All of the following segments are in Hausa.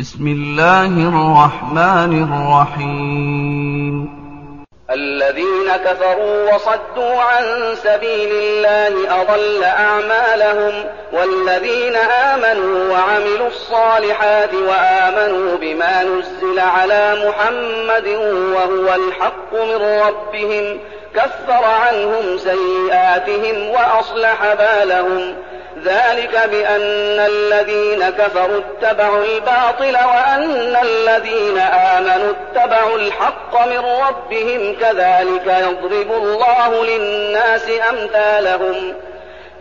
بسم الله الرحمن الرحيم الذين كفروا وصدوا عن سبيل الله أضل أعمالهم والذين آمنوا وعملوا الصالحات وآمنوا بما نزل على محمد وهو الحق من ربهم كفر عنهم سيئاتهم وأصلح بالهم ذلك بأن الذين كفروا اتبعوا الباطل وأن الذين آمنوا اتبعوا الحق من ربهم كذلك يضرب الله للناس أمثالهم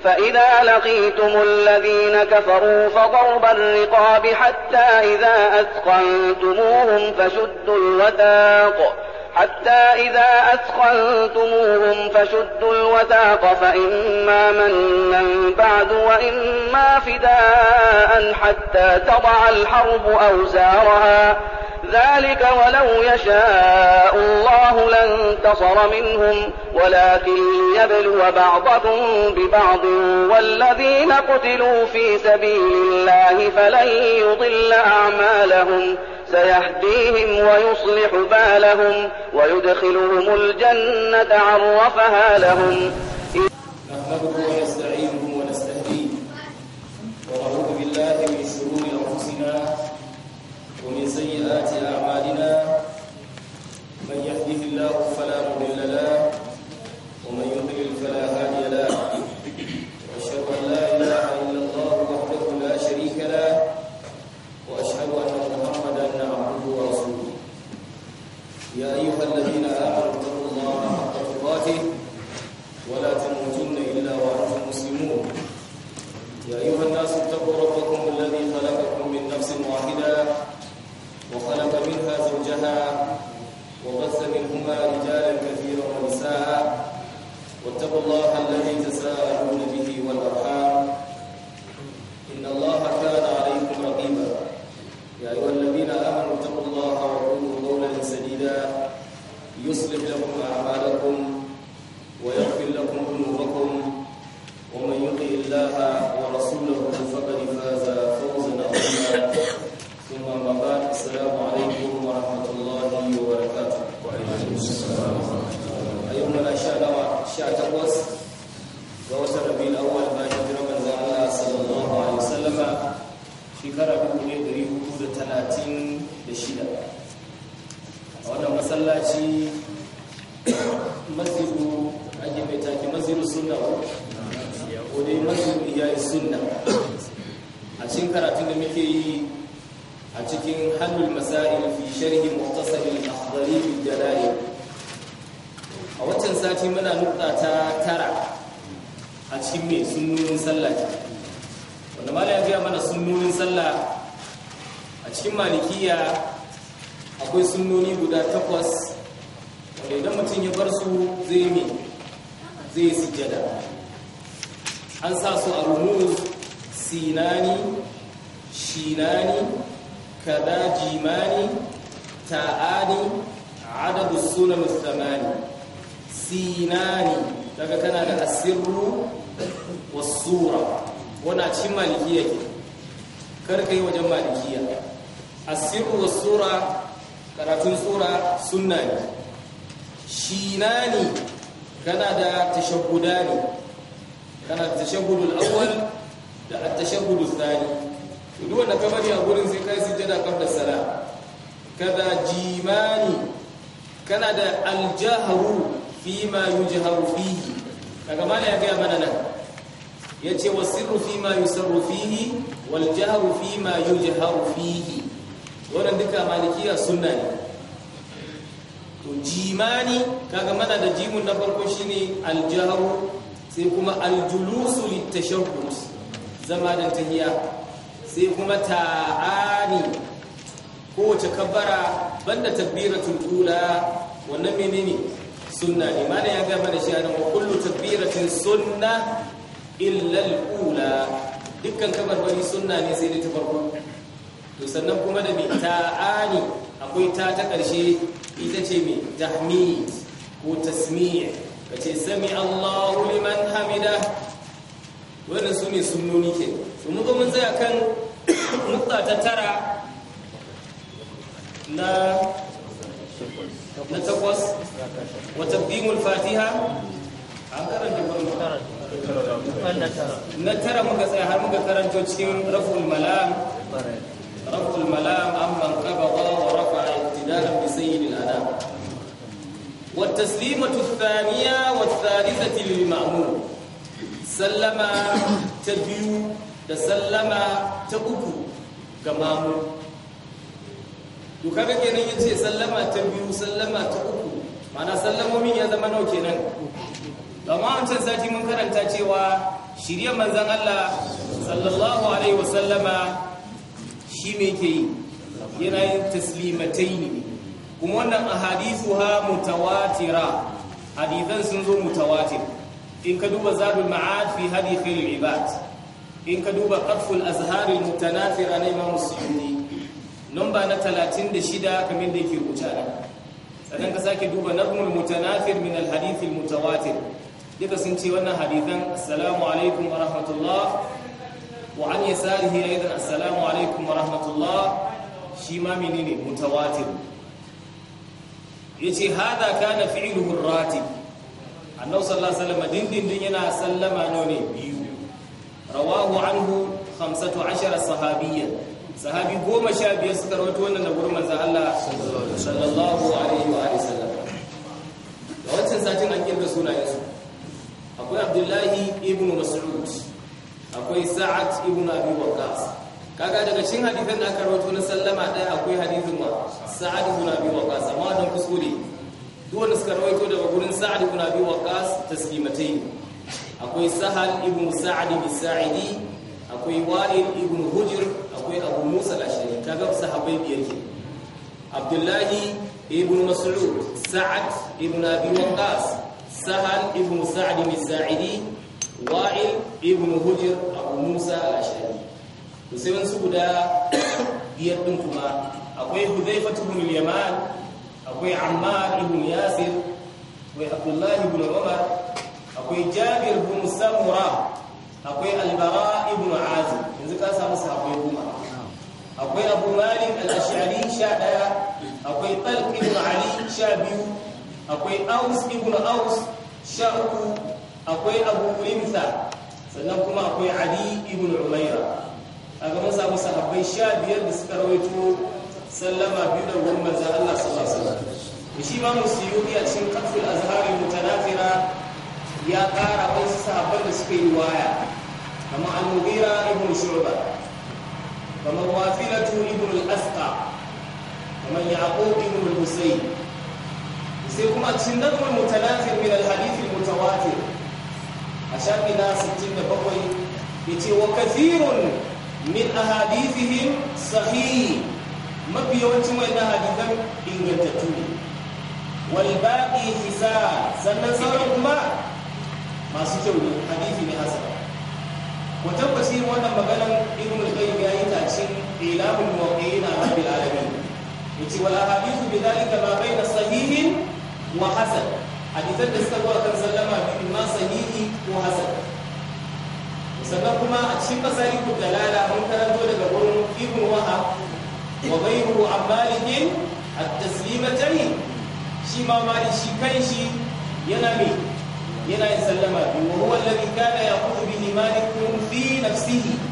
فإذا لقيتم الذين كفروا فضرب الرقاب حتى إذا أثقنتموهم فشدوا الوثاق حتى إذا أثقلتموهم فشدوا الوثاق فإما منا بعد وإما فداء حتى تضع الحرب أوزارها ذلك ولو يشاء الله لانتصر منهم ولكن يبلو بعضكم ببعض والذين قتلوا في سبيل الله فلن يضل أعمالهم سيهديهم ويصلح بالهم ويدخلهم الجنة عرفها لهم نحمده ونستعينه ونستهديه ونعوذ بالله من شرور أنفسنا ومن سيئات أعمالنا من يهده الله فلا مضل له يا أيها الذين آمنوا al'ainu samani sinani daga tana da asirru wasura wani a cikin malikiya ke karka yi wajen malikiya asirru wasura karatun sura, sunna ne shinani kana da tashabbudani. kana da tashaggudul awwal da at tashabbudu ath-thani duk wanda kamar ya gurin sai kai sujada kafin sala kada jimani kana da aljaharu fi ma yujharu fihi kaga mala ya gaya mana nan yace wasirru fi ma yusarru fihi wal fi ma yujharu fihi wannan duka malikiya sunna ne to jimani kaga mana da jimun na farko shine aljaharu sai kuma aljulusu julusu zama da tahiya sai kuma ta'ani kowace kabbara banda takbiratul ula wannan menene sunna ne ya gaba da shi anan wa kullu takbiratin sunna illa al-ula dukkan kabarbari sunna ne sai dai ta farko to sannan kuma da mai ta'ani akwai ta ta ƙarshe ita ce mai tahmid ko tasmi' kace sami Allahu liman hamida wannan su ne sunnoni ke to mun zo mun tsaya kan nukta ta tara na takwas wata bimul fatiha karanta na tara muka tsaya har muka karanto cikin raful malam raful malam amman qabada wa rafa'a ittidalan bi sayyidil adam Sallama ta biyu da Sallama ta uku ga mamu. to kaga kenan yace sallama ta biyu sallama ta uku mana sallamomin ya zama nau kenan amma wancan sati mun karanta cewa shirye manzon Allah sallallahu alaihi wasallama shi me yake yi yana yin taslimataini ne kuma wannan ahadithuha mutawatira hadithan sun zo mutawatir in ka duba zadul ma'ad fi hadi khairul ibad in ka duba qaful azhar al mutanathira na imam suyuti lamba na 36 kamar da yake rubuta a sannan ka sake duba nahmul mutanafir min alhadith almutawatir duka sun ce wannan hadithan assalamu alaikum wa rahmatullah wa an yasarihi aidan assalamu alaikum wa rahmatullah shi ma menene mutawatir yace hada kana fi'luhu ratib annabi sallallahu alaihi wasallam din yana sallama none biyu rawahu anhu 15 sahabiyyan sahabi goma sha biyar suka rawaito wannan na gurman manzon Allah sallallahu alaihi wa sallam da wancan satin an kirga sunayensu akwai Abdullahi ibn Mas'ud akwai Sa'ad ibn Abi Waqqas kaga daga cikin hadisan da aka rawato na sallama ɗaya akwai hadisin wa Sa'ad ibn Abi Waqqas amma dan kuskure duk wanda suka rawato daga gurin Sa'ad ibn Abi Waqqas taslimatai akwai Sahal ibn Sa'ad ibn Sa'idi akwai Wa'il ibn Hujr akwai abu musa al-ashari kaga sahabbai biyar ke abdullahi ibn mas'ud sa'ad ibn abi waqas sahal ibn sa'd bin sa'idi wa'il ibn hujr abu musa al-ashari to sai wani guda biyar din kuma akwai hudhayfa ibn al-yaman akwai ammar ibn yasir akwai abdullahi ibn umar akwai jabir ibn samura akwai albara ibn azib yanzu ka samu sahabbai kuma akwai abu malik al-ash'ari sha ɗaya akwai talq ibn ali sha biyu akwai aus ibn aus sha uku akwai abu rimsa sannan kuma akwai ali ibn umaira a ga mun samu sahabbai sha biyar da suka rawaito sallama biyu da ruwan manzo Allah sallallahu alaihi wasallam shi ma musiyudi a cikin qafil azhar ya ƙara wasu sahabbai da suka yi waya kamar al-mughira ibn shu'bah kamar wafilatu ibn al-asqa kamar yaqub ibn al-husayn sai kuma cikin nadmul mutanazir min al-hadith al-mutawatir a shafi na 67 yace wa kathirun min ahadithihim sahih mafi yawancin wannan hadisan ingantattu ne wal baqi hisan sannan sauran kuma masu kyau ne hadisi ne hasan wa tabbaci wannan maganar ibn al-qayyim yayi cikin ilamul muwaqqi'in rabbil alamin yace wal ahadithu bidhalika ma baina sahihin wa hasan hadisan da suka zo akan sallama bi ma sahihi ko sannan kuma a cikin masali ku dalala mun karanto daga gurin ibn waha wa ghayruhu an malikin at-taslimatayn shi ma mali shi kanshi yana me yana sallama bi wa huwa alladhi kana yaqutu bi malik fi nafsihi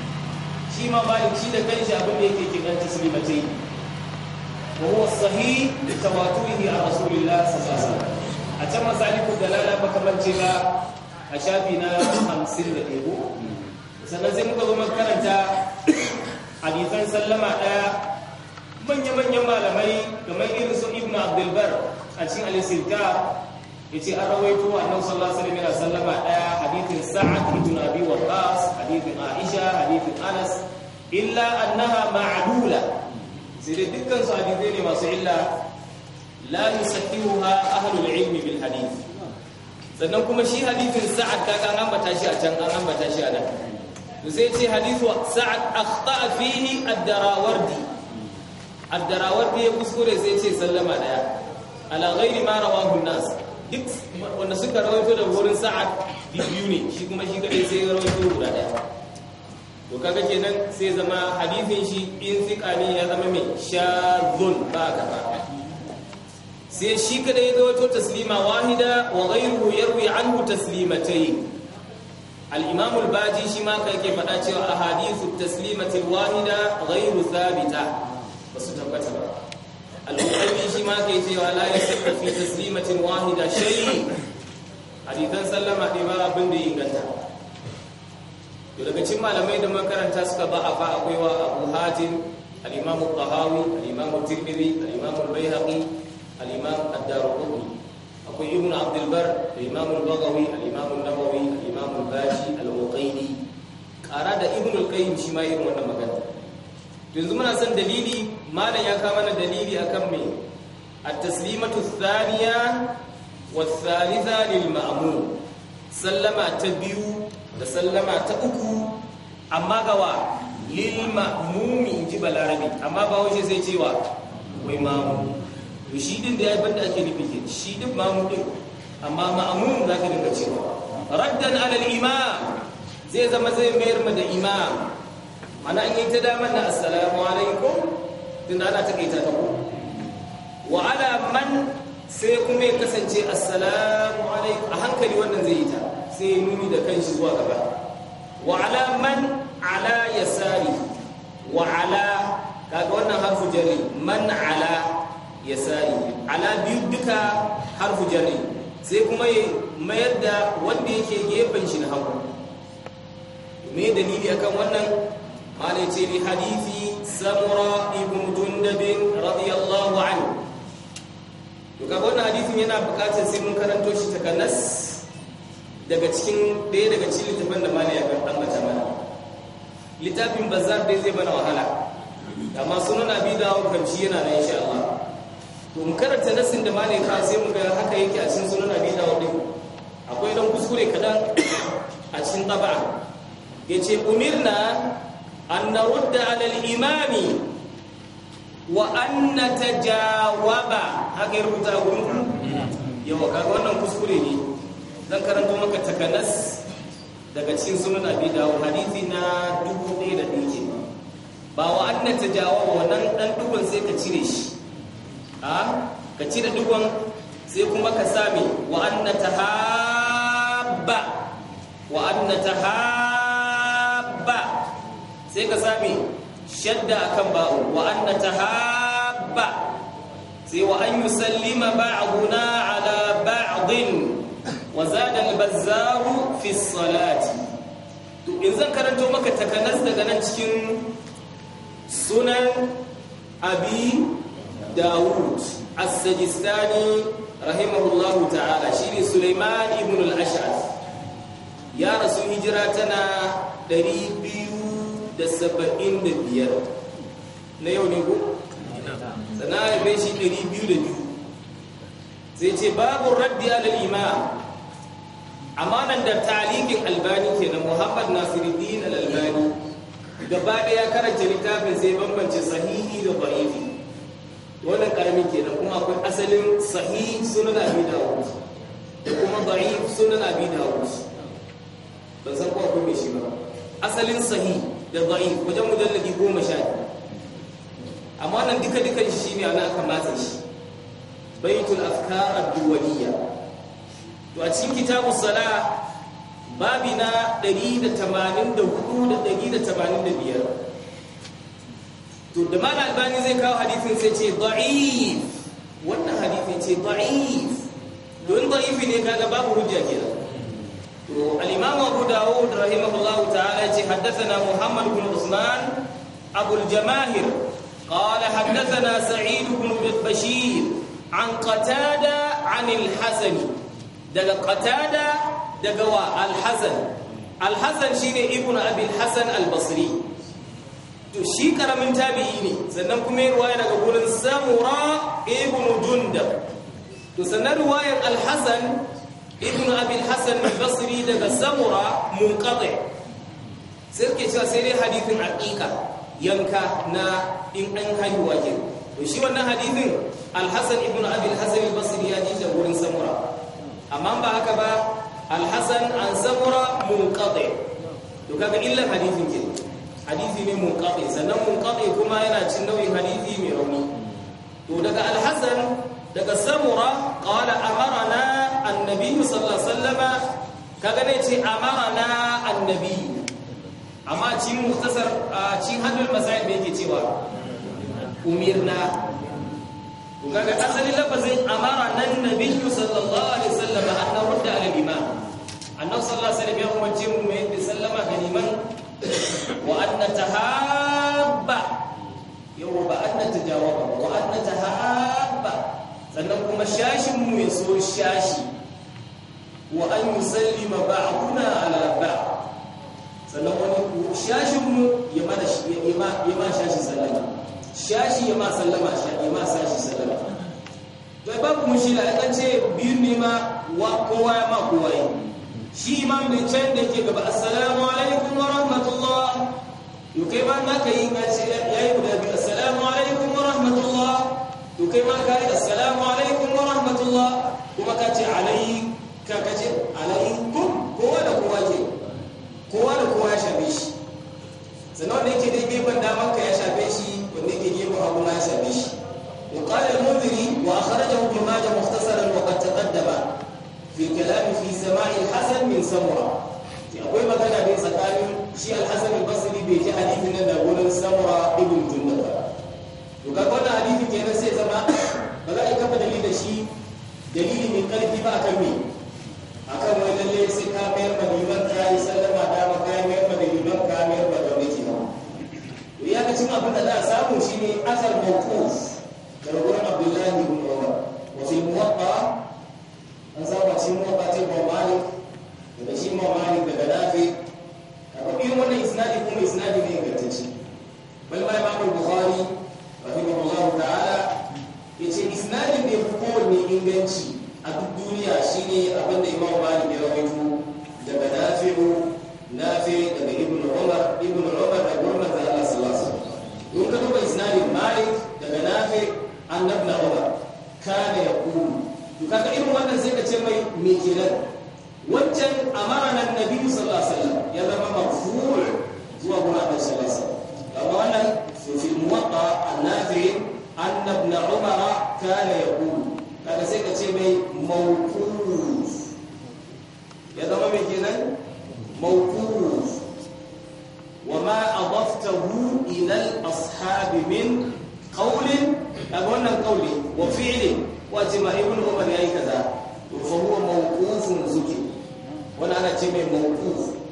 imam malik shi da kanshi abin da yake kiranta taslimatai wa sahih li a rasulillah sallallahu alaihi wasallam a can masaliku dalala makamance na a shafi na 51 sannan sai muka zo makaranta hadisan sallama daya manya-manyan malamai kamar irin su ibn abdulbar a cikin alisirka ya ce an rawaito a nan sallallahu alaihi wasallam sallama daya hadithin sa'ad ibn abi waqas hadithin aisha hadithin anas illa annaha ma'dula sai dai dukkan su hadisai ne masu illa la yusahhihuha ahlul ilmi bil hadith sannan kuma shi hadithin sa'ad ka an ambata shi a can an ambata shi a nan to sai ce hadithu sa'ad akhta'a fihi ad-darawardi ad-darawardi ya kuskure sai ce sallama daya ala ghairi ma rawahu an-nas duk wanda suka rawaito da wurin sa'ad biyu ne shi kuma shi kadai sai ya rawaito guda daya to kaga kenan sai zama hadisin shi in siƙa ne ya zama mai shazun ba gaba sai shi kada ya zawato taslima wahida wa ghayruhu yarwi anhu taslimatayn al-imam al-baji shi ma ka yake faɗa cewa ahadithu taslimatil wahida ghayru thabita basu tabbata ba al-bukhari shi ma ka cewa la yasihhu fi taslimatin wahida shay hadithan sallama dai ba abin da inganta to daga cikin malamai da makaranta suka ba a fa akwai Abu Hatim al-Imam al-Tahawi al-Imam al-Tirmidhi al-Imam al-Baihaqi al-Imam ad-Darqutni akwai Ibn Abd al-Barr al-Imam al-Baghawi al-Imam an-Nawawi al-Imam al-Baji al-Uqayli kara da Ibn al-Qayyim shi ma irin wannan magana yanzu muna son dalili malam ya kawo mana dalili akan me at-taslimatu ath-thaniya والثالثة sallama ta biyu. da sallama ta uku amma gawa lil ma'mumi in ji balarabi amma ba wace sai cewa wai mamu to shi din da ya banda ake nufi ke shi din mamu din amma ma'mum za ka dinga cewa raddan alal imam zai zama zai mayar ma da imam mana an yi ta damar na assalamu alaikum din ana takaita ta ko wa ala man sai kuma ya kasance assalamu alaikum a hankali wannan zai yi ta sai nuni da kanshi zuwa gaba wa ala man ala yasari wa ala kaga wannan harfu jarri man ala yasari ala biyu duka harfu jarri sai kuma ya mayar da wanda yake gefen shi na hagu me dalili akan wannan malai ce ni hadisi samura ibn jundabin radiyallahu anhu to kaga wannan hadisin yana bukatar sai mun karanto shi takanas daga cikin ɗaya daga cikin littafin da mali ya ambata mana littafin bazar dai zai bana wahala amma sunan abi da kamshi yana na insha Allah to mu karanta nasin da mali ka sai mu ga haka yake a cikin sunan abi da wadai akwai dan kuskure kaɗan a cikin taba yace umirna an narudda ala al-imami wa an natajawaba haka rubuta gurin yawa kaga wannan kuskure ne zan karanto maka takanas daga cikin sunan abi dawo hadithi na dubu ɗaya da ɗaya ba wa anna ta jawo wannan ɗan dubun sai ka cire shi a ka cire dubun sai kuma ka sami wa anna ta haɓa wa anna ta haɓa sai ka sami shadda akan ba'u wa anna ta haɓa sai wa an yusallima ba'duna ala ba'din wa zada al-bazzar fi salati to in zan karanto maka takanas daga nan cikin sunan abi daud as-sajistani rahimahullahu ta'ala shine sulaiman ibn al-ash'ath ya rasu hijira tana 275 na yau ne ko sana haife shi 202 sai ce babu raddi alal imam amma nan da talikin albani kenan muhammad nasiruddin al-albani gaba da ya karanta littafin zai bambance sahihi da da'ifi wannan karamin kenan kuma akwai asalin sahih sunan abi dawud da kuma da'if sunan abi dawud ban san ko akwai mai shi ba asalin sahih da da'if wajen mujalladi goma sha amma nan duka dukan shi ne ana aka matsa shi baitul afkar ad-duwaliyya to a cikin kitabu sala babi na 184 da to da mana albani zai kawo hadithin sai ce da'if wannan hadithin ce da'if don da'ifi ne kaga babu hujja kenan to al-imam Abu Dawud rahimahullahu ta'ala ce haddathana Muhammad bin Usman أبو الجماهر قال حدثنا سعيد بن بشير عن قتادة عن الحسن daga qatada daga wa al-hasan al-hasan shine ibnu abi al-hasan al-basri to shi karamin tabi'i ne sannan kuma ya ruwaya daga gurin samura ibnu jundab to sannan ruwayar al-hasan ibnu abi al-hasan al-basri daga samura munqati sai ke cewa sai dai hadithin aqiqa yanka na in an haihuwa ke to shi wannan hadithin al-hasan ibnu abi al-hasan al-basri ya ji da gurin samura amma ba haka ba alhassan an samura munqati to kaga illan hadithin ke Hadithi ne munqati sannan munqati kuma yana cin nau'in hadithi mai rauni to daga alhassan daga samura qala amarna annabi musallar sallama" ka kaga ne ce na annabi amma cin muhtasar cin hadul masail me yake cewa umirna to kaga asalin lafazin amara nan nabiyyu sallallahu alaihi wasallam an narudda ala iman annabi sallallahu alaihi wasallam ya umarce mu mu sallama ga liman wa an natahabba yau ba an natajawaba wa an natahabba sannan kuma shashin mu ya so shashi wa an yusallima ba'duna ala ba'd sannan wani shashin mu ya mana ya ma shashi sallama shashi ya ma sallama ya ma sashi sallama to babu mushila in an ce biyu ne ma kowa ya ma kowa yi shi imam ne can da ke gaba assalamu alaikum wa rahmatullah to kai ma na ka yi an ce ya yi guda biyu assalamu alaikum wa rahmatullah to kai ma ka yi assalamu alaikum wa rahmatullah kuma ka ce alai ka ka ce alai الخدري وأخرجه ابن ماجه مختصرا وقد تقدم في كلام في سماع الحسن من سمرة akwai magana ne tsakanin shi alhassan al-basri bai ji hadithin na da wurin samura ibn junnah ba to kaga wannan hadithi kenan sai zama ba za a yi kafa dalili dalili mai ba akan me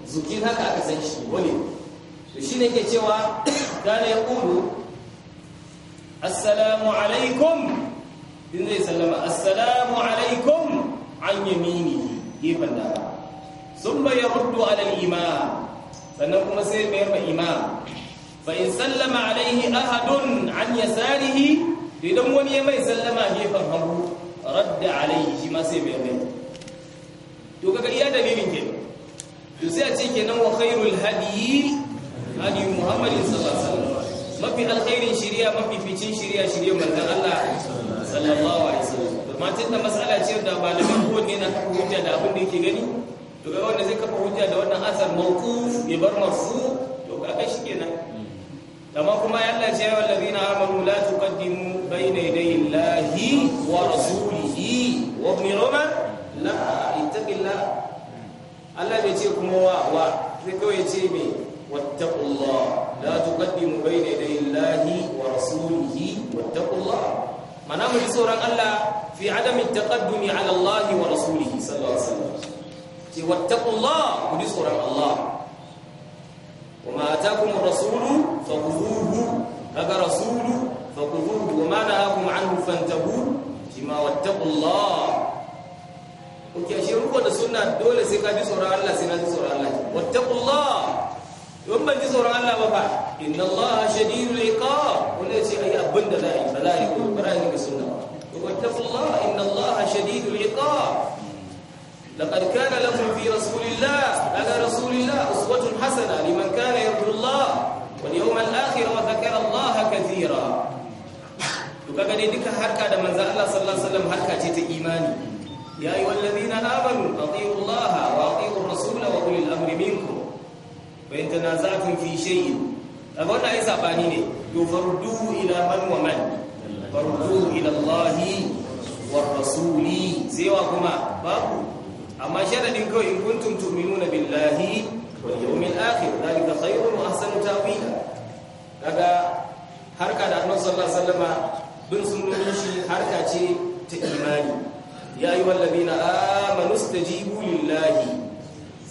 zuki haka aka san shi wani to shi ne ke cewa kana ya ƙulu assalamu alaikum din zai sallama assalamu alaikum an yamini gefen da sun bayan rudu alal ima sannan kuma sai mayar ma ima fa in sallama alaihi ahadun an Da idan wani ya mai sallama gefen hagu radda alaihi shi ma sai mayar mai to kaga iya dalilin kenan to sai a ce kenan wa khairul hadi hadi muhammadin sallallahu alaihi wasallam mafi alkhairin shari'a mafi ficin shari'a shari'a manzon Allah sallallahu alaihi wasallam amma tunda mas'ala ce da malaman kowanne na kafa hujja da abin da yake gani to ga wanda zai kafa hujja da wannan asar mawquf ya bar marfu to ka kai shi kenan amma kuma ya Allah ce ya wallazina amanu la tuqaddimu bayna yadayi llahi wa rasulihi wa ibn rama la ittaqillah Allah bai ce kuma wa wa sai kawai ce me wattaqullah la tuqaddimu bayna yaday Allahi wa rasulihi wattaqullah mana mu tsoron Allah fi adami taqaddumi ala Allah wa rasulihi sallallahu alaihi wasallam ce wattaqullah mu tsoron Allah wa ma ataakum ar-rasulu fakhudhuhu kaga rasulu fakhudhuhu wa ma nahakum anhu fantahu kima wattaqullah oke ashe ruko da sunna dole sai ka ji tsoron Allah sai na ji tsoron Allah wattaqullah in ban ji tsoron Allah ba fa inna Allah shadidul iqab wala sai ai abin da zai ba zai ko barani da sunna wattaqullah inna Allah shadidul iqab لقد كان لكم في رسول الله على رسول الله أسوة حسنة لمن كان يرجو الله واليوم الآخر وذكر الله كثيرا وكذلك هركا من زال الله صلى الله عليه وسلم هركا تيت إيماني يا أيها الذين آمنوا أطيعوا الله وأطيعوا الرسول وأولي الأمر منكم فإن تنازعتم في شيء أقول أي سباني يفردوه إلى من ومن فردوه إلى الله والرسول سواكما باب أما شرد إن كنتم تؤمنون بالله واليوم الآخر ذلك خير وأحسن تأويلا kaga harka da annabi sallallahu alaihi wasallama bin sunnoshi harka ce ta imani ya yi wallabi na amanu stajibu lillahi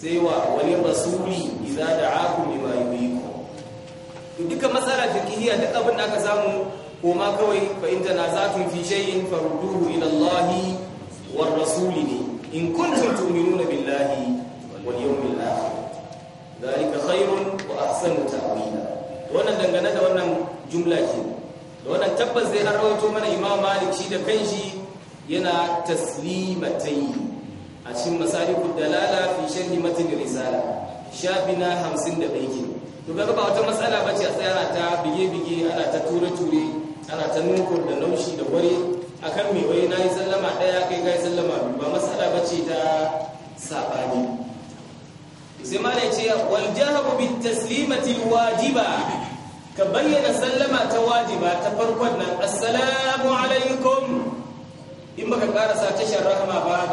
sai wa wani rasuli idan da aku ne ma yi yi ku duka matsala fikihiyya duk abin da aka samu ko ma kawai fa in tana zafin fi shayin farduhu ila Allahi war rasuli ne in kuntum tu'minuna billahi wal yawmil akhir zalika khairun wa ahsanu ta'wila wannan dangane da wannan jumla ce da wannan tabbas zai an rawaito mana Imam Malik shi da kanshi yana taslimatai a cikin masalikud dalala fi sharhi matn risala shafina 51 to ga ba wata matsala bace a tsaya ta bige-bige ana ta ture-ture ana ta nukur da naushi da a akan me wai nayi sallama daya kai kai sallama ba matsala bace ta sabani sai ma ne ce wal jahabu bit taslimati wajiba ka bayyana sallama ta wajiba ta farkon nan assalamu alaikum in baka karasa tashar rahama ba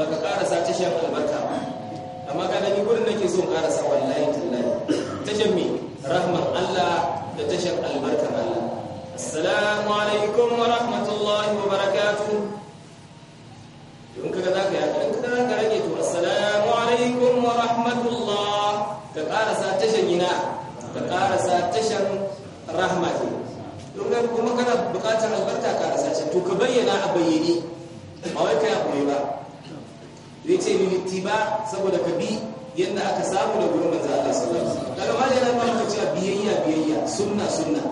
baka karasa tashar albarka ba amma ka gani gurin nake son karasa wallahi tallahi tashar me rahman Allah da tashar albarkan Allah assalamu alaikum wa rahmatullahi wa barakatuh in kaga zaka ya in kaga zaka rage to assalamu alaikum wa rahmatullah ka karasa tashar gina ka karasa tashar rahmati in kuma kana bukatar albarka to ka bayyana a bayyane ba wai kai akwai ba zai ce bi ittiba saboda ka bi yadda aka samu da gurin manzo Allah sallallahu alaihi wasallam daga malai yana ba cewa biyayya biyayya sunna sunna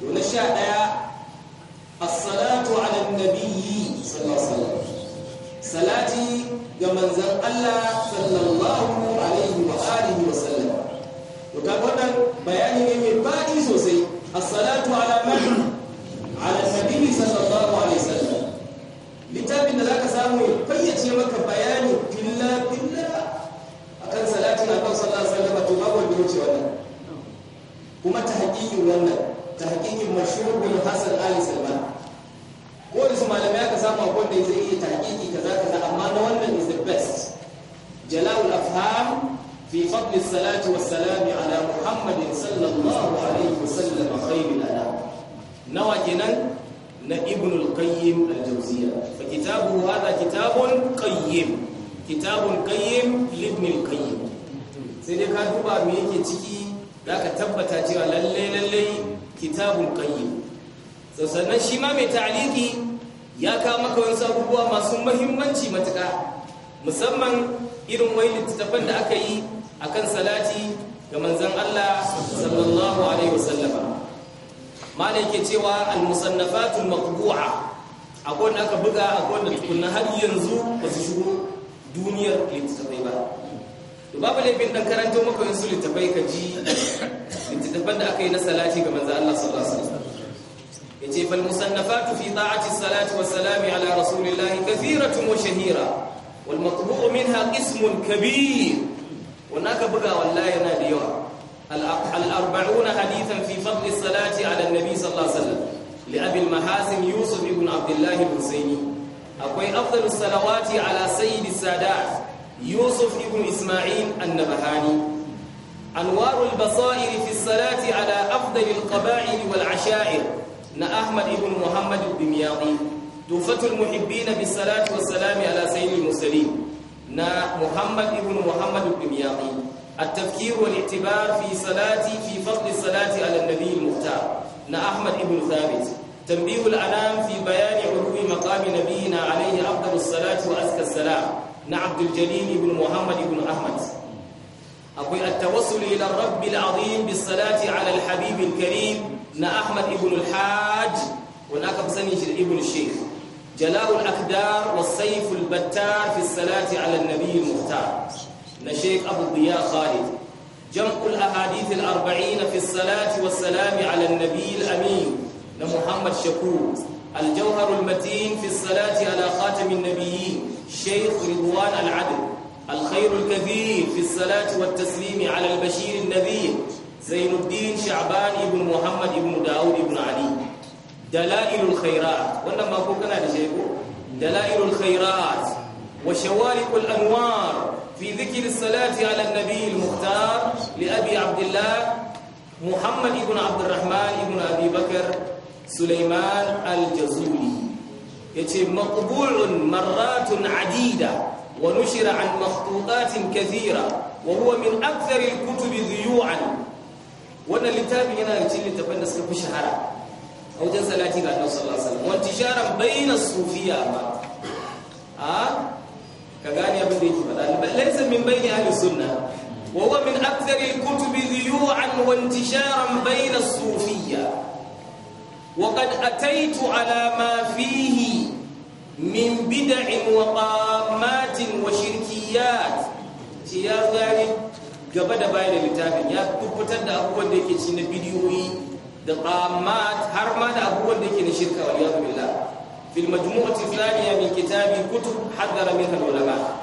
to na sha ɗaya, as-salatu ala an-nabiyyi sallallahu alaihi wasallam salati ga manzan Allah sallallahu alaihi wa alihi wasallam to kaga wannan bayani ne mai faɗi sosai as-salatu ala man ala nabi sallallahu alaihi wasallam littafin da zaka samu ya fayyace maka bayani billa billa akan na akan sallallahu alaihi wasallam to babu wanda wuce wannan kuma tahqiqin wannan tahqiqin mashhur bin Hassan Ali Salman ko da su malamai aka samu akwai da zai iya tahqiqi kaza kaza amma na wannan is the best jala'ul afham في فضل الصلاة والسلام على محمد صلى الله عليه وسلم خير الأنام nawa kenan na ibn al-qayyim al-jawziya fa kitabu hadha kitabun qayyim kitabun qayyim ibn al-qayyim sai dai ka duba me yake ciki zaka tabbata cewa lalle lalle kitabun qayyim sannan shi ma mai ta'aliki ya kawo maka wasu abubuwa masu muhimmanci matuƙa musamman irin wai littattafan da aka yi akan salati ga manzon Allah sallallahu alaihi wasallama malai ke cewa al-musannafatul maqbu'a akwai da aka buga akwai da tukunna har yanzu ba su shigo duniyar littattafai ba to babu laifin dan karanta maka yanzu littattafai ka ji littattafan da aka yi na salati ga manzo Allah sallallahu alaihi wasallam yace fal musannafatu fi ta'ati salati wa salami ala rasulillahi kathiratun wa shahira wal maqbu'u minha qismun kabir wannan aka buga wallahi yana da yawa الأربعون حديثا في فضل الصلاة على النبي صلى الله عليه وسلم لأبي المحاسم يوسف بن عبد الله الحسيني أقوي أفضل الصلوات على سيد السادات يوسف بن إسماعيل النبهاني أنوار البصائر في الصلاة على أفضل القبائل والعشائر أحمد بن محمد الدمياطي توفة المحبين بالصلاة والسلام على سيد المرسلين نا محمد بن محمد الدمياطي التفكير والاعتبار في صلاتي في فضل الصلاة على النبي المختار أحمد بن ثابت تنبيه الأنام في بيان علو مقام نبينا عليه أفضل الصلاة وأزكى السلام عبد الجليل بن محمد بن أحمد أقول التوسل إلى الرب العظيم بالصلاة على الحبيب الكريم أحمد بن الحاج هناك بسني ابن الشيخ جلاء الأكدار والسيف البتار في الصلاة على النبي المختار لشيخ أبو الضياء خالد جمع الأحاديث الأربعين في الصلاة والسلام على النبي الأمين لمحمد شكور الجوهر المتين في الصلاة على خاتم النبيين شيخ رضوان العدل الخير الكثير في الصلاة والتسليم على البشير النبي زين الدين شعبان ابن محمد ابن داود ابن علي دلائل الخيرات ولما فوقنا لشيخه دلائل الخيرات وشوارق الأنوار في ذكر الصلاة على النبي المختار لأبي عبد الله محمد بن عبد الرحمن بن أبي بكر سليمان الجزولي يتي مقبول مرات عديدة ونشر عن مخطوطات كثيرة وهو من أكثر الكتب ذيوعا وانا لتابي هنا يتي لتبنى سكب شهرة أو جزلاتي قال صلى الله عليه وسلم وانتشارا بين الصوفية ما. ها ka gane abin da yake faɗa laysa min bayni ahli sunna wa huwa min akthari al-kutub dhiyu'an wa intisharan bayna as-sufiyya wa qad ataitu ala ma fihi min bid'in wa wa shirkiyat shi ya gane gaba da bayan littafin ya kubutar da abubuwan da yake ci na bidiyoyi da qamat har ma da abubuwan da yake na shirka ya yaqbillah في المجموعة الثانية من كتاب كتب حذر منها العلماء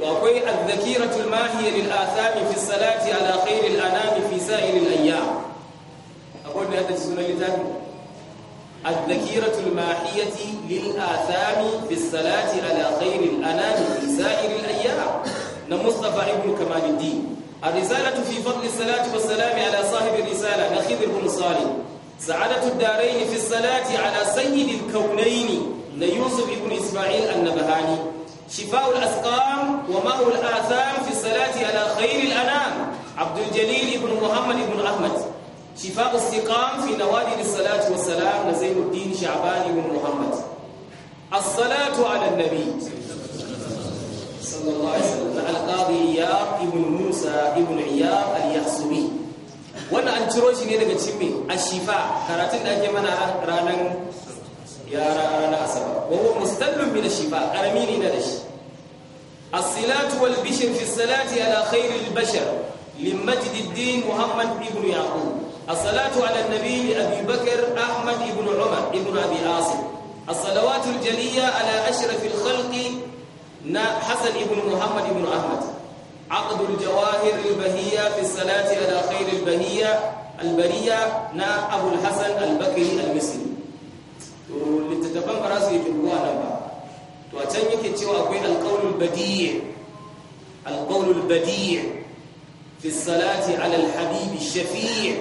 وقوي الذكيرة الماهية للآثام في الصلاة على خير الأنام في سائر الأيام أقول هذا السنة لتاهم الذكيرة الماهية للآثام في الصلاة على خير الأنام في سائر الأيام لمصطفى نعم، ابن كمال الدين الرسالة في فضل الصلاة والسلام على صاحب الرسالة نخبر بن صالح sa'adatu daraini fi salati ala sayyidil kaunaini na yusuf ibn isma'il annabahani shifa'ul asqam wa ma'ul atham fi salati ala khairil anam abdul jalil ibn muhammad ibn ahmad shifa'ul istiqam fi nawadir salati wa salam na zainuddin sha'ban ibn muhammad as-salatu ala an-nabi صلى الله عليه وسلم القاضي اياب ابن موسى ابن wannan an ciro shi ne daga cikin a shifa, karatun da ake mana ranar yara ranar asabar wawo mustallun bi da shifa karami ne na da shi as wal bishr fi salati ala bashar limajididdin muhammad ibn yaqub as-salatu ala nabi abi bakr ahmad ibn umar ibn abi asim as al-jaliyya ala ashrafil khalqi na hasan ibn muhammad ibn ahmad عقد الجواهر البهية في الصلاة على خير البهية البرية نا أبو الحسن البكري المسلم ولتتفهم راسي في الهواء نبا تواتني كتوا أقول القول البديع القول البديع في الصلاة على الحبيب الشفيع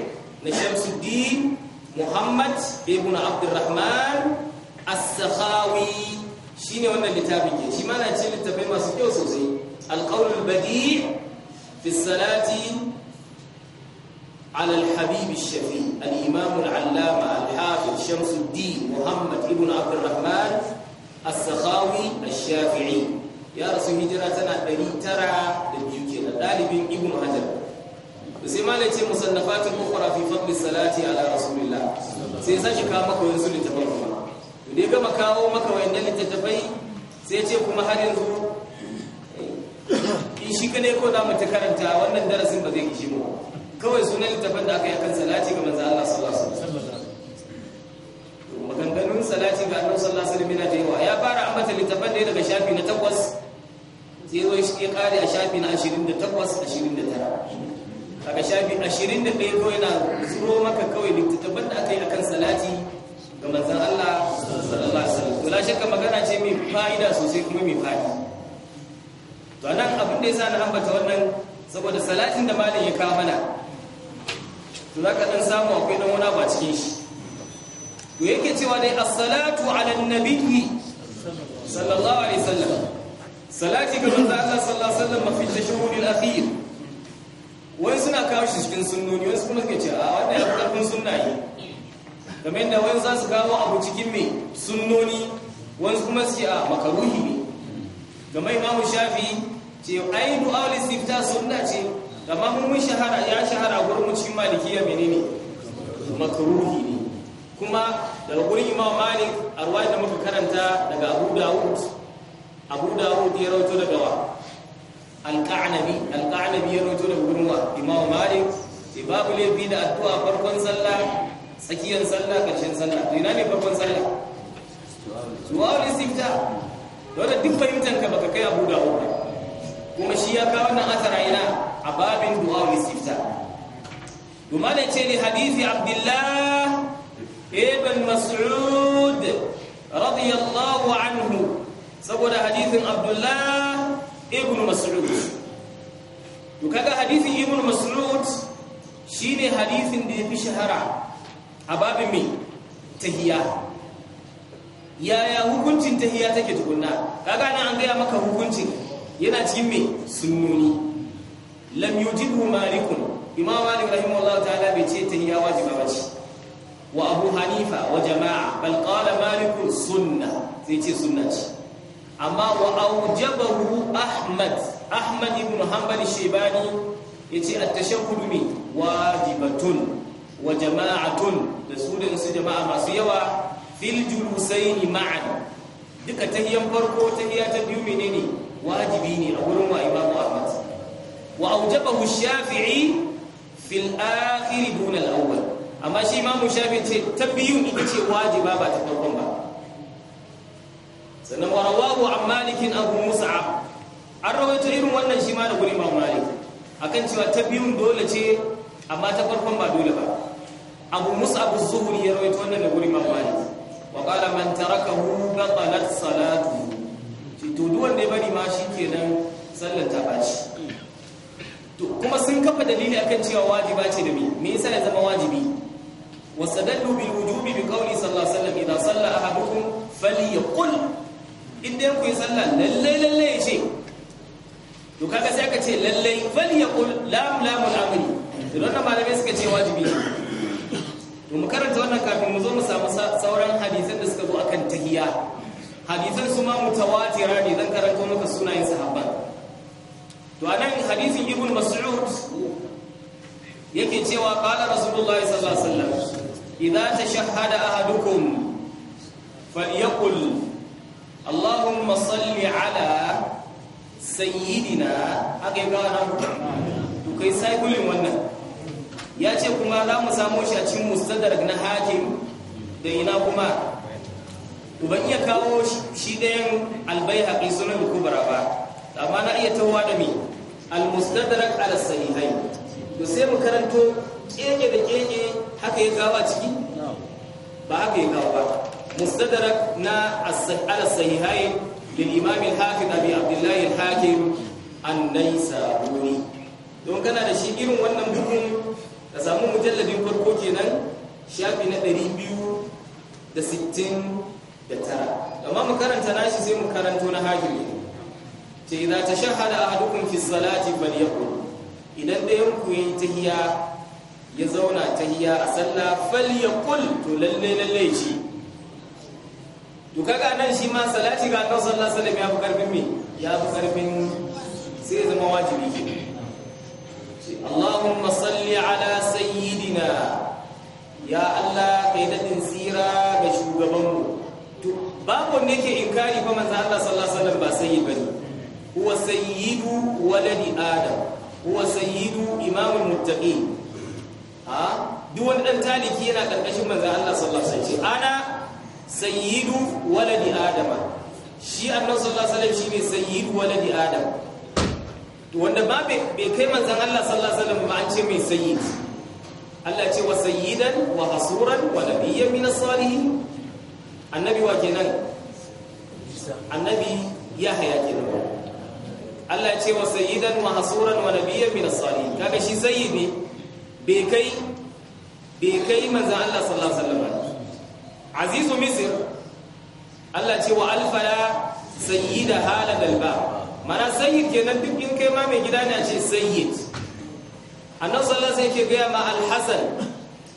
نشمس الدين محمد ابن عبد الرحمن السخاوي شيني وانا اللي تابعي شي ما نعطي اللي تابعي ما سكيو سوزي القول البديع في الصلاة على الحبيب الشفيع الإمام العلامة الحافظ شمس الدين محمد ابن عبد الرحمن السخاوي الشافعي يا رسول هجرة سنة بني ترى لبيوكينا طالب ابن حجر sai ma ce musannafatin ukhra fi fadli salati ala rasulillah sai sai kawo maka yanzu littafin kuma to dai gama kawo maka wayannan littattafai sai ce kuma har yanzu in shi ne ko za mu karanta wannan darasin ba zai kishi mu kawai sunan littafin da aka yi kan salati ga manzo Allah sallallahu alaihi wasallam maganganun salati ga annabi sallallahu alaihi wasallam yana da yawa ya fara ambata littafin da daga shafi na 8 sai zo shi ya kare a shafi na 28 29 daga shafi ashirin da ɗaya kawai maka kawai littattafan da aka yi akan salati ga manzan Allah sallallahu alaihi wasallam kula shakka magana ce mai fa'ida sosai kuma mai fa'ida to nan abin da ya sa na ambata wannan saboda salatin da malam ya kawo mana to ka dan samu akwai dan wuna ba cikin shi to yake cewa dai a salatu 'ala an-nabiyyi sallallahu alaihi sallam. salati ga manzo Allah sallallahu alaihi sallam mafi ta al-akhir wai suna kawo shi cikin sunnoni wai kuma suke cewa wannan ya fi karfin sunna yi kamar yadda wani za su kawo abu cikin mai sunnoni wani kuma ce a makaruhi ne game imamu shafi ce ainu awal sifta sunna ce kamar mun shahara ya shahara gurin mu cikin malikiya menene makruhi ne kuma daga gurin imam malik a ruwa da muka karanta daga abu dawud abu dawud ya rawaito daga wa al-qanabi al-qanabi ya rawaito daga gurin wa imam malik ce babu laifi da addu'a farkon sallah tsakiyar sallah karshen sallah to ina ne farkon sallah du'a al-istifta dole duk fahimtar ka baka kai abu da ba kuma shi ya kawo wannan asara ina a babin du'a wa istifta kuma da ce ne hadisi abdullah ibn mas'ud radiyallahu anhu saboda hadisin abdullah ibn mas'ud to kaga hadisin ibn mas'ud shine hadisin da ya fi shahara a babin mi tahiyya yaya hukuncin tahiyya take tukunna kaga nan an gaya maka hukuncin yana cikin me sunnoni lam yujibhu malikun imam malik rahimahullah ta'ala bai ce tahiyya wajiba ba ce wa abu hanifa wa jama'a bal qala malik sunna sai ce sunna ce amma wa aujabahu ahmad ahmad ibn hanbal shaybani yace at-tashahhud mi wajibatun wa jama'atun da su da su jama'a masu yawa fil julusaini ma'an duka tahiyan farko tahiya ta biyu menene wajibi ne a gurin wa imamu ahmad wa aujabahu shafi'i fil akhir dun al awwal amma shi imamu shafi'i ce ta biyu ita ce wajiba ba ta farkon ba sannan wa rawahu an malikin abu mus'ab an rawaito irin wannan shi ma da gurin imamu malik akan cewa ta biyun dole ce amma ta farkon ba dole ba abu mus'ab az-zuhri ya rawaito wannan da gurin imamu malik wa qala man tarakahu batalat salatu to duk ya bari ma shikenan sallar ta baci to kuma sun kafa dalili akan cewa wajiba ce da me me yasa ya zama wajibi wasadallu bil wujubi bi qawli sallallahu alaihi wasallam idza salla ahadukum falyaqul idan ku yi sallah lalle lalle ya ce to kaga sai aka ce lalle falyaqul lam lamul amri to wannan malamai suka ce wajibi ne to mu karanta wannan kafin mu zo mu samu sauran hadisan da suka zo akan tahiyya hadisan su ma mutawatira ne zan karanta maka sunayen sahabban to anan hadisin ibn mas'ud yake cewa qala rasulullahi sallallahu alaihi wasallam idza tashahhada ahadukum falyaqul اللهم صل على na أكيد أنا sai كل wannan ya ce kuma za mu samu shi a cikin musadar na hakim da ina kuma ba iya kawo shi ɗayan albai haƙi sunan kubra ba amma na iya tawa da me al-mustadrak ala sahihai to sai mu karanto keke da keke haka ya kawo a ciki ba haka ya kawo ba mustadrak na al sahihai lil imam al-hafiz abi Abdullahi al-hakim an-naisaburi don kana da shi irin wannan bugun ka samu mujalladin farko kenan shafi na 269 amma mu karanta nashi sai mu karanto na hakimi ce idza hada ahadukum fi salati falyaqul idan da yanku yi tahiyya ya zauna tahiyya a sallah yaqul to lalle lalle ji to kaga nan shi ma salati ga annabi sallallahu alaihi wasallam ya fi karfin me ya fi karfin sai zama wajibi kenan Allahumma salli ala sayyidina ya Allah kai dadin tsira ga shugabanmu to babu wanda yake inkari fa manzo Allah sallallahu alaihi wasallam ba sayyid bane sayyidu waladi adam huwa sayyidu imamul muttaqin ha dan taliki yana karkashin manzo Allah sallallahu ana sayyidu waladi adama shi annabi sallallahu alaihi wasallam sayyidu waladi adam wanda ba bai kai manzan Allah sallallahu alaihi wasallam ba an ce mai sayyid Allah ce wa sayyidan wa hasuran wa nabiyyan min as-salihin annabi wa kenan annabi yahya kenan Allah ce wa sayyidan wa hasuran wa nabiyyan min as-salihin kaga shi sayyid ne bai kai bai kai manzan Allah sallallahu alaihi wasallam azizu misr Allah ce wa alfaya sayyida halal alba mana sayyid kenan duk in kai ma mai gida ne a ce sayyid annabi sallallahu alaihi yake gaya ma al-hasan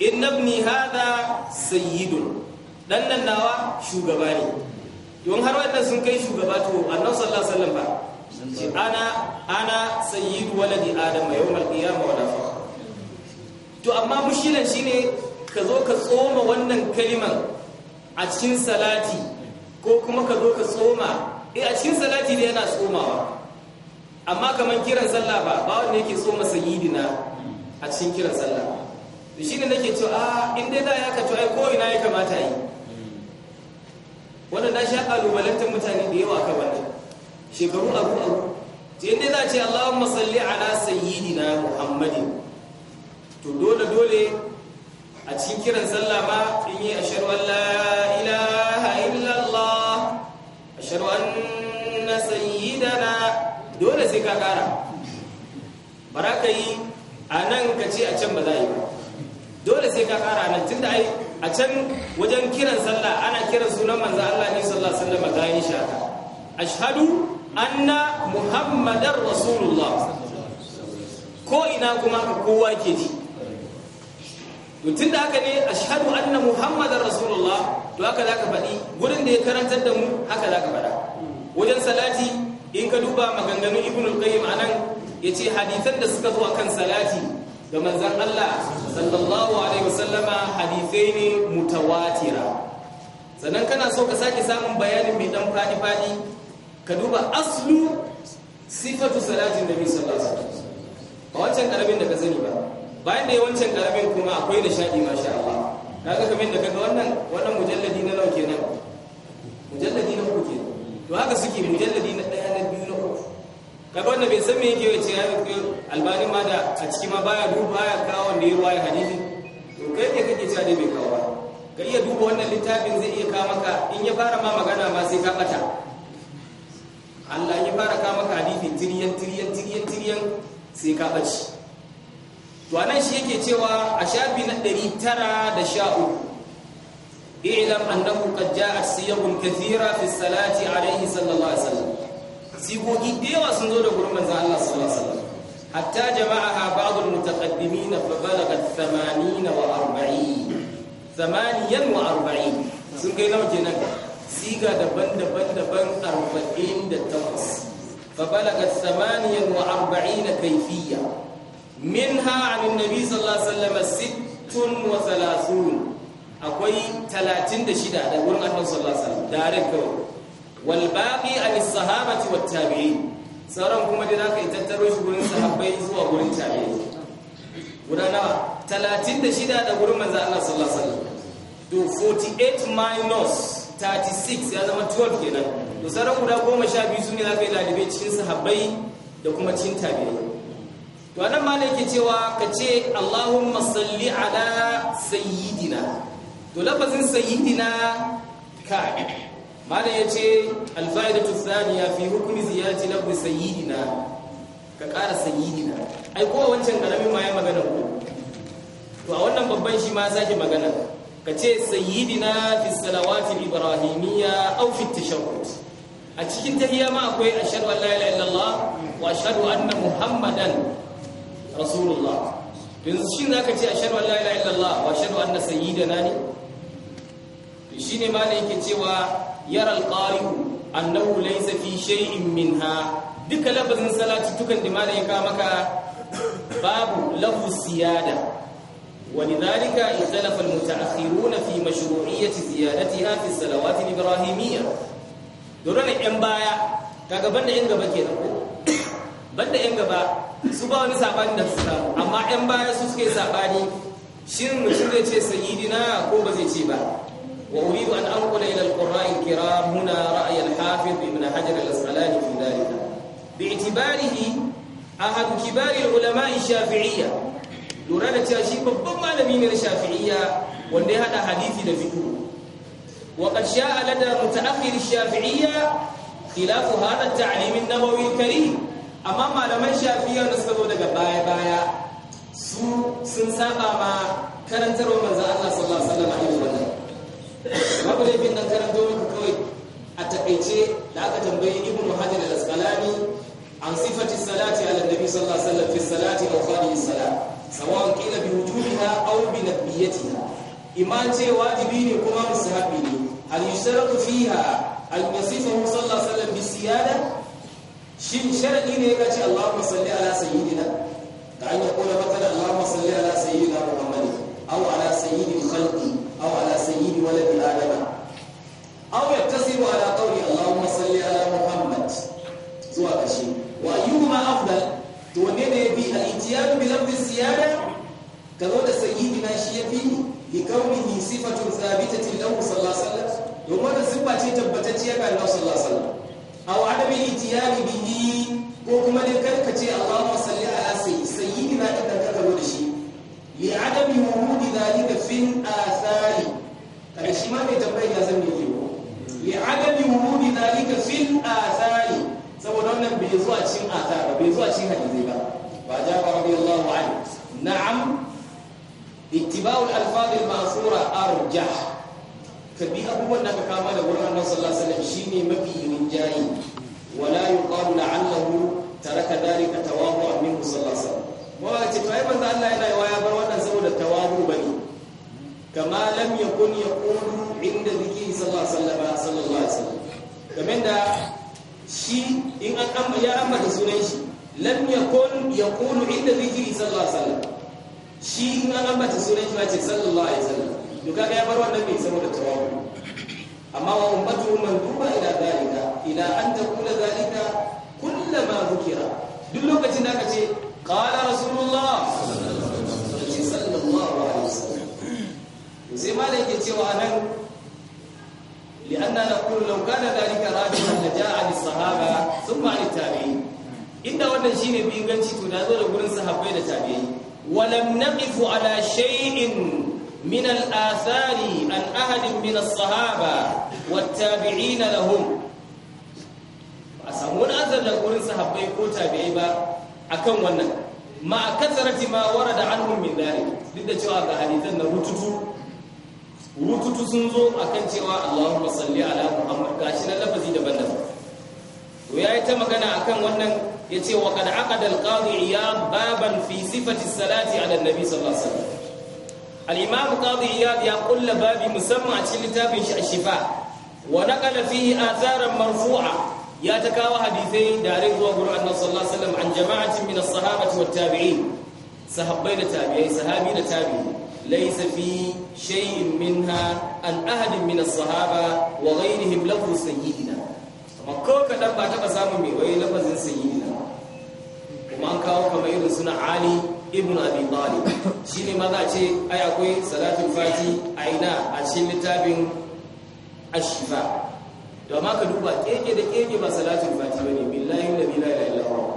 inna ibni hadha sayyidun dan nan nawa shugaba ne don har wannan sun kai shugaba to annabi sallallahu alaihi wasallam ba ana ana sayyidu waladi adam yawm al-qiyamah wa nafa to amma mushilan shine ka zo ka tsoma wannan kaliman a cikin salati ko kuma ka zo ka tsoma eh a cikin salati da yana tsomawa amma kamar kiran sallah ba ba wanda yake tsoma sayyidina a cikin kiran sallah to shine nake cewa a ah, in dai da ya ka to ai ko ina ya kamata yi wannan na sha kalubalantar mutane da yawa ka wannan shekaru abu abu in dai za ce Allahumma salli ala sayyidina Muhammadin to dole dole a cikin kiran sallah ma in yi ashhadu an dole sai ka ƙara ba za ka yi a nan ka ce a can ba za yi ba dole sai ka ƙara nan tun da ai a can wajen kiran sallah ana kiran sunan manzan Allah ne sallallahu alaihi wasallam ta yi shaka ashhadu anna muhammadar rasulullah ko ina kuma ka kowa ke ji tun da haka ne shahadu anna muhammadar rasulullah to haka za ka faɗi wurin da ya karantar da mu haka za ka faɗa wajen salati in ka duba maganganun ibn al-qayyim anan yace hadisan da suka zo akan salati ga manzon Allah sallallahu alaihi wasallama hadisai ne sanan sannan kana so ka sake samun bayanin mai dan fadi fadi ka duba aslu sifatu salatin nabi sallallahu alaihi wasallam ba wancan karamin da ka sani ba bayan da wancan karamin kuma akwai da shadi masha Allah kaga kamar da kaga wannan wannan mujalladi na nauke kenan mujalladi na uku kenan to haka suke mujalladi na kaga wanda bai san me yake ya ce ya yi albani ma da a ciki ma baya duba baya kawo wanda ya waye hadisi to kai ne kake cewa dai bai kawo ba ga iya duba wannan littafin zai iya kawo maka in ya fara ma magana ma sai ka bata Allah ya fara kawo maka hadisi tiriyan tiriyan tiriyan tiriyan sai ka bace to anan shi yake cewa a shafi na 913 اعلم أنه قد جاءت سيغ كثيرة في الصلاة عليه صلى الله عليه وسلم sigogi da yawa sun zo da gurin manzon Allah sallallahu alaihi wasallam hatta jama'aha ba'd al-mutaqaddimin fa balagat 80 wa wa sun kai nawa kenan siga daban-daban daban 48 فبلغت ثمانيا وأربعين كيفية منها عن النبي صلى الله عليه وسلم ست وثلاثون أقوي ثلاثين دشدة دقون أحمد صلى الله عليه wal baqi an sahabati wat tabi'in sauran kuma dai zaka tattaro shi gurin sahabbai zuwa gurin tabi'i guda nawa 36 da gurin manzo Allah sallallahu alaihi wasallam to 48 minus 36 ya zama 12 kenan to sauran guda 12 su ne zaka yi lalibe cikin sahabbai da kuma cikin tabi'i to anan ma yake cewa ka ce Allahumma salli ala sayyidina to lafazin sayyidina ka malam ya ce alfa'idatu thaniya fi hukmi ziyarati lafzi sayyidina ka kara sayyidina ai kowa wancan karamin ma ya magana ko to a wannan babban shi ma sake magana ka ce sayyidina fi salawati ibrahimiyya au fi tashahhud a cikin tahiyya ma akwai ashhadu an la ilaha illallah wa ashhadu anna muhammadan rasulullah yanzu shin zaka ce ashhadu an la ilaha illallah wa ashhadu anna sayyidina ne to shine malam yake cewa yara alqari'u annahu laysa fi shay'in minha duka lafazin salati tukan da malamin ya maka babu lahu siyada ولذلك اختلف المتأخرون في مشروعية زيادتها في الصلوات الإبراهيمية دوران إن بايا kaga banda yan gaba kenan ko banda yan gaba su ba wani sabani da suka amma yan baya su suke sabani shin mutum zai ce sayyidina ko ba zai ce ba وأريد أن أنقل إلى القراء الكرام هنا رأي الحافظ ابن حجر الأسقلاني في ذلك باعتباره أحد كبار العلماء الشافعية lura da cewa babban malami ne na shafi'iyya wanda ya hada hadisi da fiqh wa qad sha'a lada mutaakhir shafi'iyya khilaf hada at-ta'lim an-nabawi amma malaman shafi'iyya da suka zo daga su sun saba ma karantarwa manzo babu laifin nan karanto muku kawai a takaice da aka tambayi ibn hajar al-asqalani an sifati salati ala nabi sallallahu alaihi wasallam fi salati aw khali'i salat sawa'un qila bi wujubiha aw bi nabiyatiha iman ce wajibi ne kuma musahabi ne hal yushtaratu fiha al-wasifa sallallahu alaihi wasallam bi siyada shin sharadi ne ya ce Allah likaunihi sifatun thabitatin lahu sallallahu alaihi wasallam wa ma sifa ce tabbatacciya ga Allah sallallahu alaihi wasallam aw adami ijtiyabi bihi ko kuma ne karkace Allahumma salli ala sayyidina da kanka karo da shi li adami wurudi zalika fil athari kada shi ma ne tabbai ya zan yi ko li adami wurudi zalika fil athari saboda wannan bai zuwa cin athar bai zuwa cin hadisi ba ba ja ba rabbi Allahu alaihi na'am ittiba'ul alfadil ma'thura arjah ka bi abubuwan da ka kama da wurin annabi sallallahu alaihi shine mafi rinjayi wala yuqalu la'allahu taraka dalika tawadu'an minhu sallallahu alaihi wasallam wala ce to ai manzo Allah yana yawa ya bar wannan saboda tawadu bane kama lam yakun yaqulu inda zikri sallallahu alaihi wasallam kamar da shi in an ya ambata sunan shi lam yakun yaqulu inda zikri sallallahu shi in an ambata sunan shi sallallahu alaihi wasallam to kaga ya bar wannan mai saboda tawabu amma wa ummatu duba ila zalika ila an taqula zalika kullama dhukira duk lokacin da aka ce qala rasulullah sallallahu alaihi wasallam sai malai ke cewa anan لأننا rajulan la ja'a ذلك sahaba thumma li tabi'in inda wannan shine إن to da zo da gurin sahabbai da tabi'in ولم نقف على شيء من الآثار عن أحد من الصحابة والتابعين لهم أسامون أذن لقول صحابي كو تابعي با أكن ونن كثرة ما ورد عنهم من ذلك لذا cewa ga hadisan na rututu sun zo kan cewa Allahumma salli ala Muhammad gashi na lafazi daban-daban to yi ta magana akan wannan yace wa qad aqada al-qadi iyad baban fi sifati salati ala an-nabi sallallahu alaihi wasallam al-imam qadi iyad ya kulla babi musamman a cikin littafin shi shifa wa naqala fihi atharan marfu'a ya ta kawo hadisai da rai zuwa gurin sallallahu alaihi wasallam an jama'atin min as-sahabati wat-tabi'in sahabbai da tabi'ai sahabi da tabi'i ليس في شيء منها أن أحد من الصحابة وغيرهم له سيدنا كما كوكا دبا تبا سامو مي وي لفظ سيدنا man kawo kamar irin suna ali ibn abi talib shine ma za ce ai akwai salatul fati a ina a cikin littafin ashifa da ma ka duba keke da keke ba salatul fati bane billahi la ilaha illa allah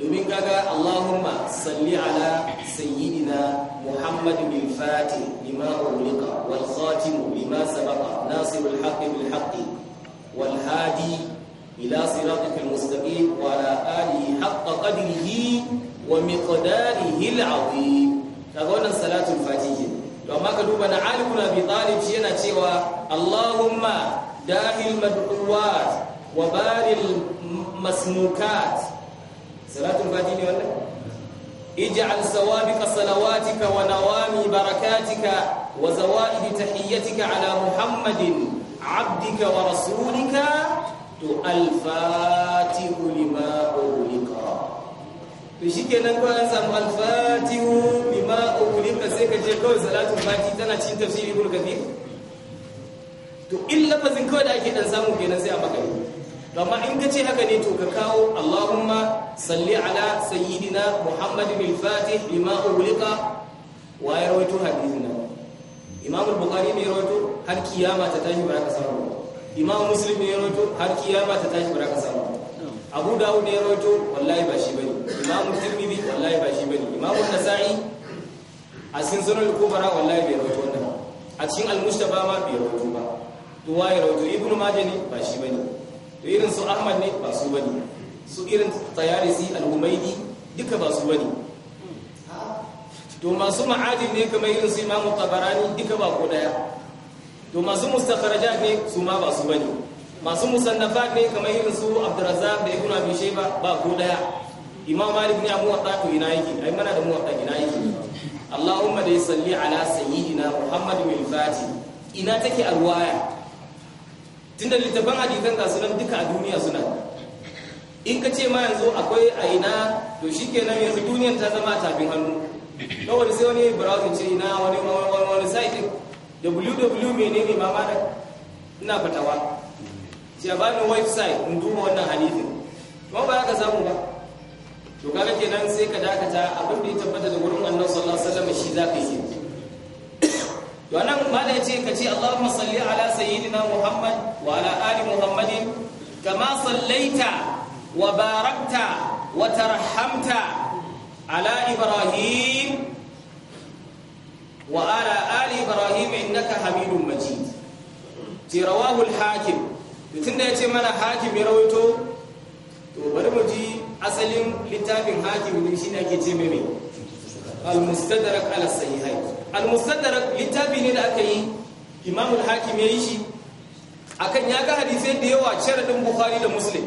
domin kaga allahumma salli ala sayyidina muhammad bin fati lima ulqa wal khatim lima sabaqa nasirul haqqi bil haqqi wal hadi إلى صراطك المستقيم وعلى آله حق قدره ومقداره العظيم تقول صلاة الفاتحة وما كدوب أنا علي بن أبي طالب شينا تيوى اللهم داهي المدعوات وبار المسموكات صلاة الفاتحة ولا اجعل سوابق صلواتك ونوامي بركاتك وزوائد تحيتك على محمد عبدك ورسولك to alfatihu lima ulika to shikenan ko an samu alfatihu lima ulika sai ka je kawai salatu fati tana cikin tafsiri ibn kathir to in zin kawai da ake dan samu kenan sai a baka to amma in ka ce haka ne to ka kawo Allahumma salli ala sayyidina Muhammadin al-Fatih lima ulika wa ya hadithina Imam al-Bukhari ne rawaito har kiyama ta tashi ba ka samu imam muslim ne ya rawaito har kiyama ta tashi ba ka samu abu dawud ne ya rawaito wallahi ba shi bane imam tirmidhi wallahi ba shi bane imam an-nasa'i a cikin sunan al-kubra wallahi bai rawaito wannan a cikin al-mustaba ma bai rawaito ba to waye rawaito ibnu majah ba shi bane to irin su ahmad ne ba su bane su irin tayarisi al-humaydi duka ba su bane to masu ma'adin ne kamar irin su imam tabarani duka ba ko daya to masu mustakharajat ne su ma ba su bane masu musannafa ne kamar irin su Abdurrazzaq da Ibn Abi Shayba ba ko daya Imam Malik ne abu wata ko ina yake ai mana da mu wata ina yake Allahumma ya salli ala sayyidina Muhammad bin Fati ina take alwaya tunda littafan hadisan ga sunan duka a duniya suna in ka ce ma yanzu akwai a ina to shikenan yanzu duniyar ta zama tafin hannu kawai sai wani browsing ce ina wani wani wani site www menene ma ba ina fatawa sai ba ni website in duba wannan hadisin kuma ba ka samu ba to kaga kenan sai ka dakata abin da ya tabbata da gurin annabi sallallahu alaihi wasallam shi zaka yi to anan mala yace ka ce Allahumma salli ala sayyidina Muhammad wa ala ali Muhammadin kama sallaita wa barakta wa tarhamta ala Ibrahim wa ala ali ibrahim innaka hamidum majid ti rawahu al-hakim tunda yace mana hakim ya rawaito to bari mu ji asalin littafin hakim din shi ne ake ce mai al-mustadrak ala sahihain al littafi ne da aka yi imam al-hakim ya yi shi akan ya ga hadisai da yawa sharadin bukhari da muslim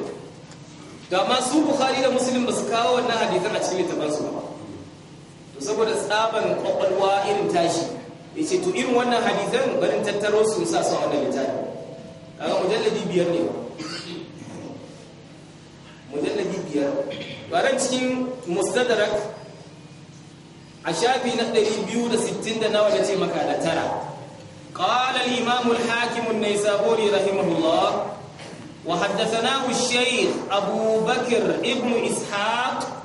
da masu su bukhari da muslim ba su kawo wannan hadisan a cikin littafin ba saboda tsaban kwakwalwa irin tashi ya ce to irin wannan hadithan barin tattaro su sa su a wannan littafi kaga mujalladi biyar ne mujalladi biyar baran cikin mustadrak a shafi na 260 da nawa da ce maka da tara قال الإمام الحاكم النيسابوري رحمه الله وحدثناه الشيخ أبو بكر ابن إسحاق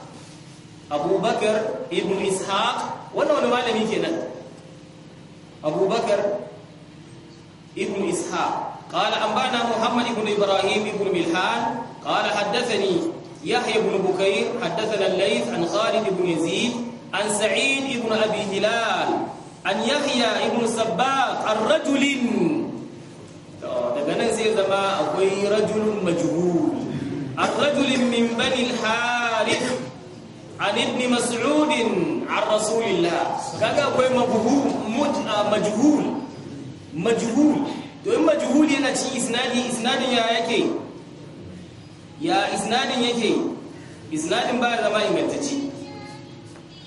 abubakar ibn ishaq wannan wani malami kenan abubakar ibn ishaq قال أنبانا محمد بن إبراهيم بن ملحان قال حدثني يحيى بن بكير حدثنا الليث عن خالد بن يزيد عن سعيد بن أبي هلال عن يحيى بن سباق عن رجل daga nan sai zama akwai rajulun majhul ar rajulin min bani al harith an ibn mas'ud an rasulillah kaga akwai majhul majhul to in majhul yana cikin isnadi isnadin ya yake ya isnadin yake isnadin ba zama ingantacce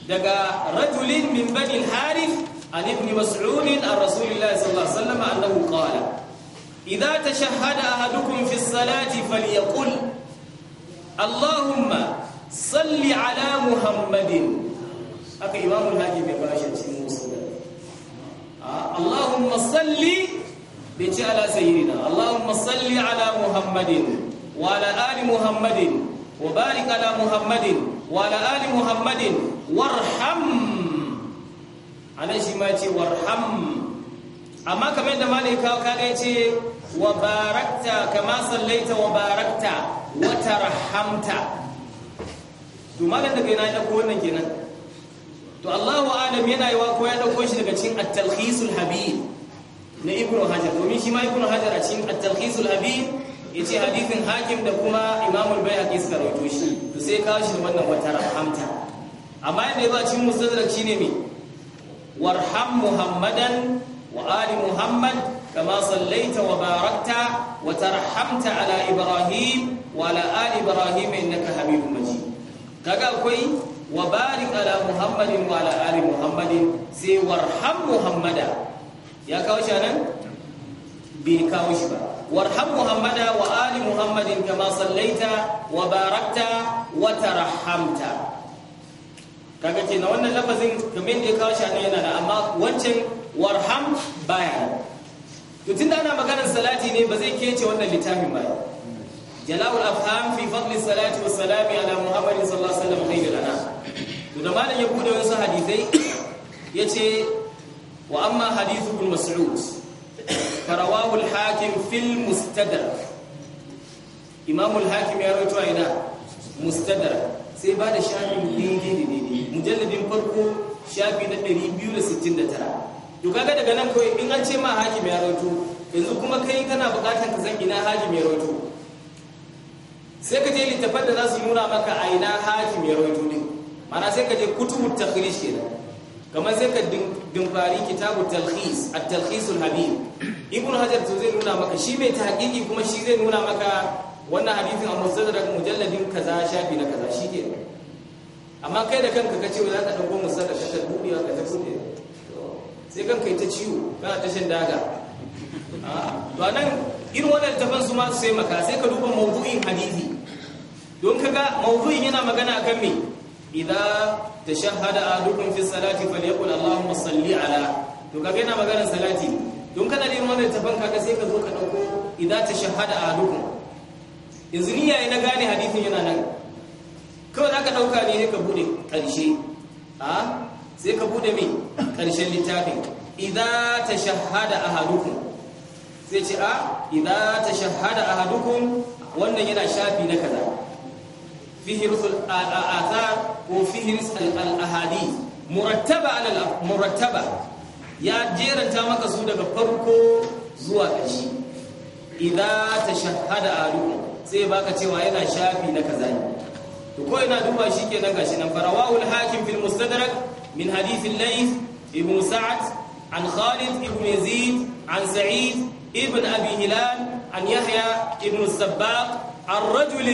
daga rajulin min bani al-harith an ibn mas'ud an rasulillah sallallahu alaihi wasallam annahu qala idha tashahhada ahadukum fi as-salati falyaqul allahumma salli ala muhammadin aka imamul hakim ya bashi a cikin musulman ah, Allahumma salli bai ci ala sayyidina Allahumma salli ala muhammadin wa ala ali muhammadin wa barik ala muhammadin wa ala ali muhammadin warham anan shi ma ce warham amma kamar da malaika kaga ce, wa barakta kama sallaita wa barakta wa tarhamta to malam da kaina na ya dauko wannan kenan to Allahu alam yana yawa ko ya dauko shi daga cikin at-talkhisul habib na ibnu hajar domin shi ma ibnu hajar a cikin at-talkhisul habib yace hadithin hakim da kuma imam al-baihaqi suka rawaito shi to sai kawo shi wannan wata rahamta amma yanda ya ba a cikin mustadrak shine me warham muhammadan wa ali muhammad barakta wa tarhamta ala ibrahim wa ala ali ibrahim innaka habibun majid kaga akwai wa barik ala muhammadin wa ala ali muhammadin sai warham muhammada ya kawo shi nan bi kawo shi ba warham muhammada wa ali muhammadin kama sallaita wa barakta wa tarhamta kaga ce na wannan lafazin kamar da ya kawo shi nan yana da amma wancan warham baya to tunda ana maganar salati ne ba zai kece wannan littafin ba jala'ul afham fi fadli salati wa salami ala muhammadin sallallahu alaihi wasallam khairul anam to da malam ya bude wasu hadisai yace wa amma hadithu ibn mas'ud farawahu al-hakim fil mustadrak imam al-hakim ya rawaito aina mustadrak sai ba da shafin daidai da mujalladin farko shafi na 269 to kaga daga nan kawai in an ce ma hakim ya rawaito yanzu kuma kai kana bukatar ka san ina hakim ya rawaito sai ka je littafan da za su nuna maka a ina hakim ya rawaito din mana sai ka je kutubut ke kenan kamar sai ka dimfari kitabu talhis a talhisul habib ibn hajar to zai nuna maka shi mai tahqiqi kuma shi zai nuna maka wannan hadisin a mustadrak mujalladin kaza shafi na kaza shi ke amma kai da kanka kace za ka dauko mustadrak ka ta dubiya ka ta kude sai kanka ita ciwo kana tashin daga to anan irin wannan tafan su masu sai maka sai ka duba mawdu'in hadisi don kaga mawdu'in yana magana akan me idza tashahhada ahadukum fi salati falyaqul allahumma salli ala to kaga yana magana salati don kana da wannan tafan kaga sai ka zo ka dauko idza tashahhada ahadukum yanzu ni yayi na gane hadisin yana nan kawai zaka dauka ne ka bude karshe a sai ka bude me karshen littafin idza tashahhada ahadukum zai ce a ah, idan ta shahada a ahadukum wannan yana shafi na kaza fi hirsul al-athar ko fi hirsul al-ahadi murattaba ala murattaba ya jeranta maka su daga farko zuwa ƙarshe shahada a ahadukum sai baka cewa yana shafi na kaza ne to ko ina duba shikenan gashi nan farawahul hakim fil mustadrak min hadith al-layth ibn sa'ad an khalid ibn yazid an sa'id ابن أبي هلال عن يحيى ابن السباق عن رجل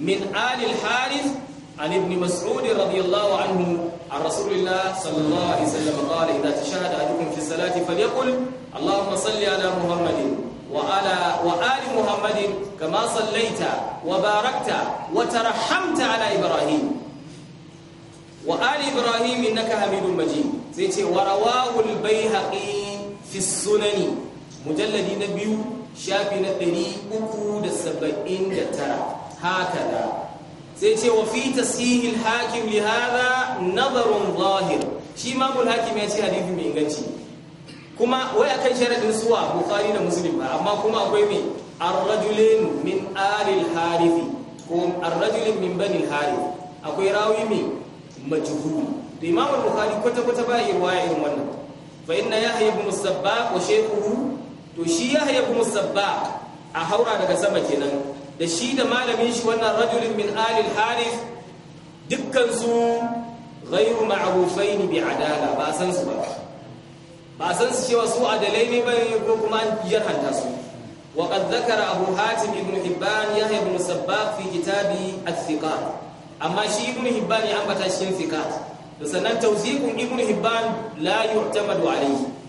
من آل الحارث عن ابن مسعود رضي الله عنه عن رسول الله صلى الله عليه وسلم قال إذا تشهد أحدكم في الصلاة فليقل اللهم صل على محمد وعلى وآل محمد كما صليت وباركت وترحمت على إبراهيم وآل إبراهيم إنك حميد مجيد زيتي ورواه البيهقي في السنن mujalladi na biyu shafi na 379 haka da sai ce wa fi tasihil hakim li hada nazarun zahir shi mamul hakim ya ce hadisi mai inganci kuma wai akan sharadin suwa bukhari da muslim ba amma kuma akwai mai ar min alil harifi ko ar min bani harif akwai rawi mai majhul da imam bukhari kwata kwata ba yi riwaya irin wannan fa inna yahya ibn wa shaykhuhu to shi ya haya kuma a haura daga sama kenan da shi da malamin shi wannan rajulin min alil harith dukkansu ghairu ma'rufain bi adala ba san san su cewa su adalai ne ba ko kuma ya hanta su wa qad dhakara abu hatim ibn hibban yahya ibn sabbah fi kitabi al-thiqat amma shi ibn hibban ya ambata shi al-thiqat to sannan tawziqun ibn hibban la yu'tamadu alayhi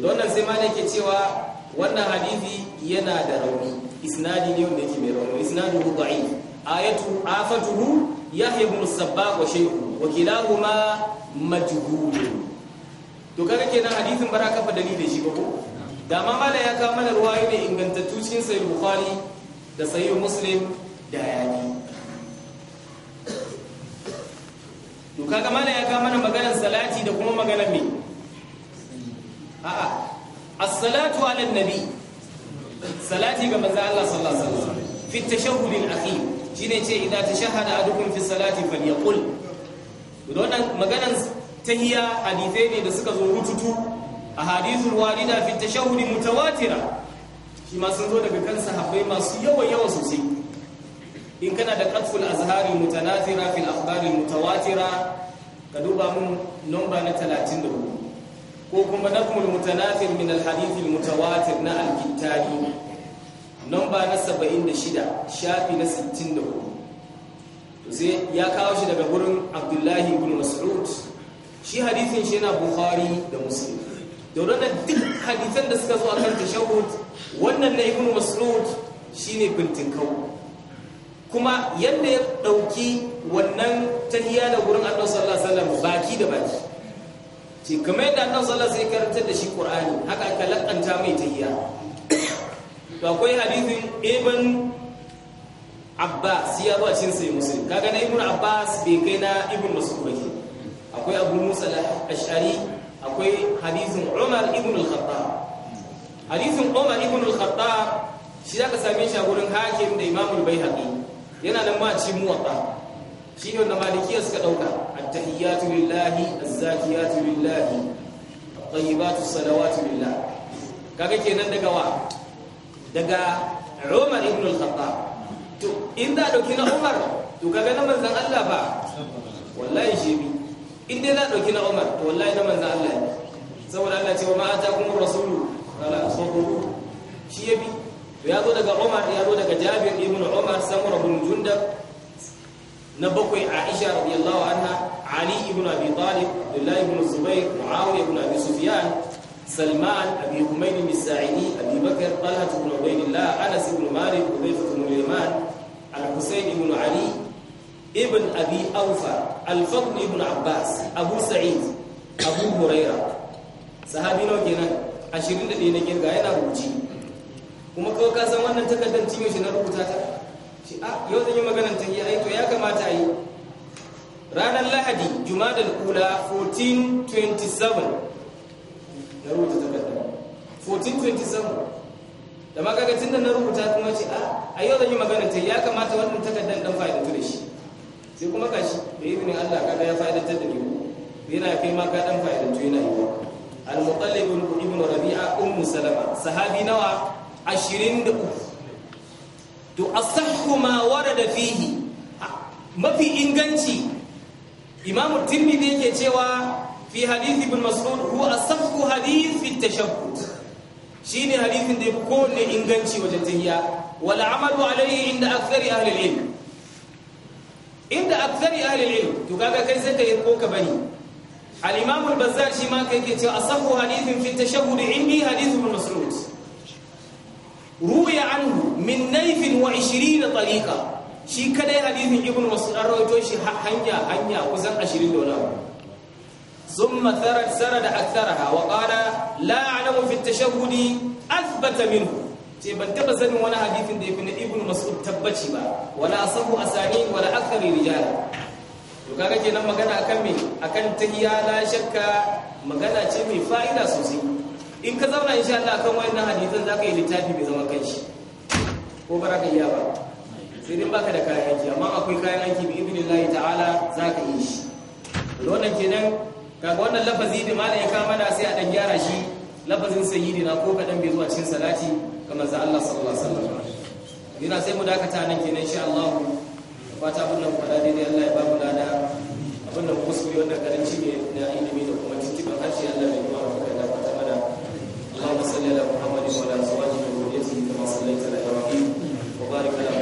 da wannan sai malai ke cewa wannan hadithi yana da rauni isnadi ne wanda yake mai rauni isnaduhu da'if ayatu afatuhu yahya ibn sabbaq wa shaykhu wa kilahuma majhul to kaga kenan hadithin bara baraka fa da shi ba ko da ma malai ya kawo mana ruwayo ne ingantattu cikin sahih bukhari da sahih muslim da yani to kaga malai ya kawo mana maganar salati da kuma maganar me a'a as-salatu ala nabi salati ga manzo Allah sallallahu alaihi wasallam fi tashahhud al-akhir shine ce idan tashahhada adukum fi salati falyaqul wannan maganan tahiyya hadithai ne da suka zo rututu a hadithul walida fi tashahhud mutawatira shi ma sun zo daga kan sahabbai masu yawa yawa sosai in kana da qatful azhari mutanathira fil akhbari mutawatira ka duba mun number na 34 ko kuma na kuma mutanatir min alhadithi mutawatir na Nan namba na 76 shafi na 64 sai ya kawo shi daga gurin Abdullahi ibn Mas'ud shi hadithin shi yana Bukhari da Muslim wannan duk hadithan da suka zo akan tashahud wannan na ibn Mas'ud shine bintinkau kuma yadda ya dauki wannan tahiya da gurin Allah sallallahu alaihi wasallam baki da baki ce kamar yadda annabi sallallahu alaihi wasallam karantar da shi ƙorani haka aka lakanta mai tahiyya to akwai hadithin ibn abbas ya ba cin sai musulun kaga na ibn abbas bai kai na ibn masu ba akwai abu musa da ashari akwai hadithin umar ibn al khatta hadithin umar ibn al khatta shi ka same shi a gurin hakim da imamul bai baihaqi yana nan ma ci muwatta shine wanda malikiya suka dauka at-tahiyatu lillahi az-zakiyatu lillahi at-tayyibatu salawatu lillahi kaga kenan daga wa daga Umar ibn al-Khattab to in a ɗauki na Umar to kaga na manzon Allah ba wallahi shebi in dai na ɗauki na Umar to wallahi na manzon Allah ne saboda Allah ce wa ma atakum ar-rasulu fala tusawu shi yabi to ya zo daga Umar ya zo daga Jabir ibn Umar samura bin Jundab na bakwai Aisha radiyallahu anha Ali ibn Abi Talib Abdullah ibn zubayr Muawiya ibn Abi Sufyan Salman Abi umayl ibn Sa'idi Abi Bakr Talha ibn Ubaydillah Anas ibn Malik ubayd ibn Yaman Al-Husayn ibn Ali ibn Abi Awfa Al-Fadl ibn Abbas Abu Sa'id Abu Hurairah sahabi ashirin kenan ne ne ga yana rubuci kuma ko ka san wannan takardar cinye shi na rubuta ta ce a ah, yau zan yi maganar tahiyya yi to ya kamata a yi ranar lahadi jumadal kula 1427 na rubuta takarda 1427 da magagacin da na rubuta kuma ce a ah, a yau zan yi maganar yi ya kamata wannan takardar dan fa'idantu da shi sai kuma shi da izinin Allah kaga ya ta da ni yana kai ma ka dan fa'idantu yana yi al-muqallib ibn rabi'a ummu salama sahabi nawa 23 to asahhu ma warada fihi mafi inganci imam tirmidhi yake cewa fi hadith ibn mas'ud huwa asahhu hadith fi tashahhud shine hadithin da ko ne inganci wajen tahiya wal amalu alayhi inda akthari ahli al-ilm inda akthari ahli al-ilm to kaga kai sai ka ko ka bani al-imam al-bazzar shi ma kai ke cewa asahhu hadithin fi tashahhud indi hadith ibn mas'ud ruya anhu min naifin wa 20 tariqa shi kadai hadisin ibn mas'ud rawaito shi hanya hanya kusan 20 da wani ثم ثرد سرد اكثرها وقال لا اعلم في التشهد اثبت منه ce ban taba sanin wani hadithin da ya fi na ibn mas'ud tabbaci ba wala asabu asani wala akthari rijal to kaga kenan magana akan me akan tahiyya la shakka magana ce mai fa'ida sosai in ka zauna sha Allah kan na hadisan za ka yi littafi mai zama kanshi ko ba za ka iya ba sai din baka da kayan aiki amma akwai kayan aiki bi ibnillahi ta'ala za ka yi shi wannan kenan kaga wannan lafazi da malai ya kama da sai a dan gyara shi lafazin sayyidina ko kadan bai zuwa cikin salati kamar za Allah sallallahu alaihi wasallam ina sai mu dakata nan kenan insha Allah fata abin da fada daidai Allah ya ba mu lada abin da kuskure wannan karanci ne na ilimi da kuma cikin harshe Allah ya على محمد وعلى ازواجه وذريته كما صليت على ابراهيم وبارك على